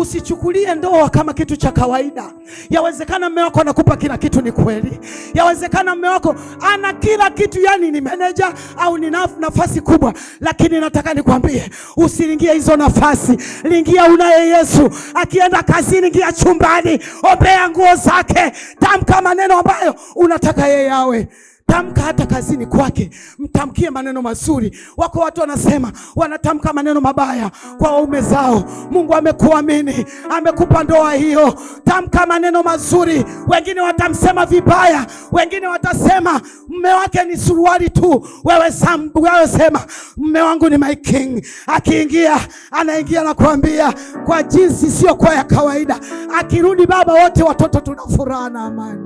Usichukulie ndoa kama kitu cha kawaida. Yawezekana mume wako anakupa kila kitu, ni kweli. Yawezekana mume wako ana kila kitu, yani ni meneja au ni nafasi kubwa, lakini nataka nikwambie usiingie hizo nafasi. Lingia unaye Yesu. Akienda kazini, ingia chumbani, ombea nguo zake, tamka maneno ambayo unataka yeye awe Tamka hata kazini kwake, mtamkie maneno mazuri. Wako watu wanasema, wanatamka maneno mabaya kwa waume zao. Mungu amekuamini, amekupa ndoa hiyo, tamka maneno mazuri. Wengine watamsema vibaya, wengine watasema mme wake ni suruali tu. Wewe sam, wewe sema mme wangu ni my king. Akiingia anaingia na kuambia kwa jinsi sio kwa ya kawaida. Akirudi baba, wote watoto tuna furaha na amani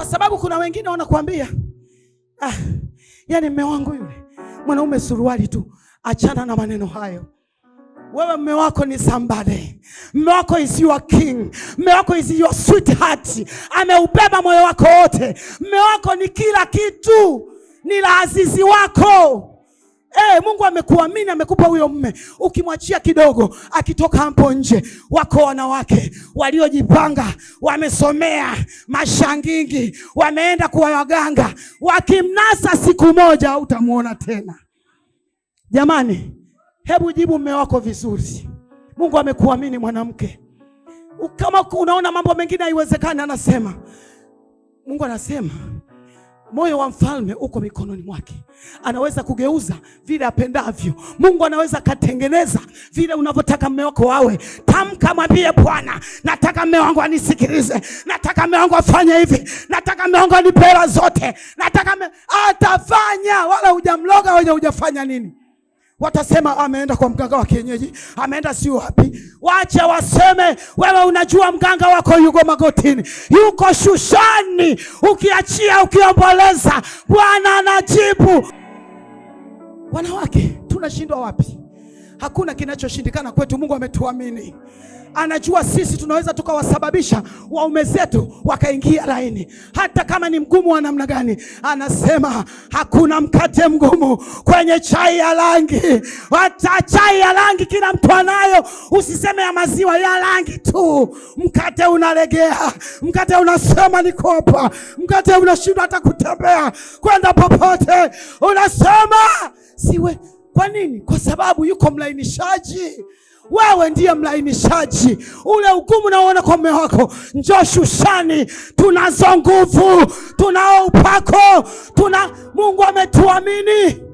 kwa sababu kuna wengine wanakuambia ah, yani mme wangu yule mwanaume suruali tu. Achana na maneno hayo. Wewe mme wako ni somebody. Mme wako is your king. Mme wako is your sweetheart. Ameubeba moyo wako wote. Mme wako ni kila kitu, ni la azizi wako. Hey, eh, Mungu amekuamini amekupa huyo mme, ukimwachia kidogo akitoka hapo nje. Wako wanawake waliojipanga, wamesomea mashangingi, wameenda kuwa waganga, wakimnasa siku moja utamwona tena. Jamani, hebu jibu mme wako vizuri. Mungu amekuamini mwanamke. Kama unaona mambo mengine haiwezekani, anasema Mungu anasema Moyo wa mfalme uko mikononi mwake, anaweza kugeuza vile apendavyo. Mungu anaweza katengeneza vile unavyotaka mme wako wawe. Tamka, mwambie Bwana, nataka mme wangu anisikilize, nataka mme wangu afanye hivi, nataka mme wangu anipe hela zote, nataka me... atafanya, wala hujamloga, wenye hujafanya nini. Watasema ameenda kwa mganga wa kienyeji, ameenda si wapi. Wacha waseme, wewe unajua mganga wako yuko magotini, yuko Shushani. Ukiachia, ukiomboleza, Bwana anajibu. Wanawake tunashindwa wapi? Hakuna kinachoshindikana kwetu. Mungu ametuamini, anajua sisi tunaweza tukawasababisha waume zetu wakaingia laini, hata kama ni mgumu wa namna gani. Anasema hakuna mkate mgumu kwenye chai ya rangi. Hata chai ya rangi kila mtu anayo, usiseme ya maziwa, ya rangi tu. Mkate unalegea, mkate unasema ni kopa mkate unashindwa hata kutembea kwenda popote, unasema siwe kwa nini? Kwa sababu yuko mlainishaji. Wewe ndiye mlainishaji. Ule ugumu unaoona kwa mume wako, njoo Shushani, tunazo nguvu, tunao upako, tuna Mungu ametuamini.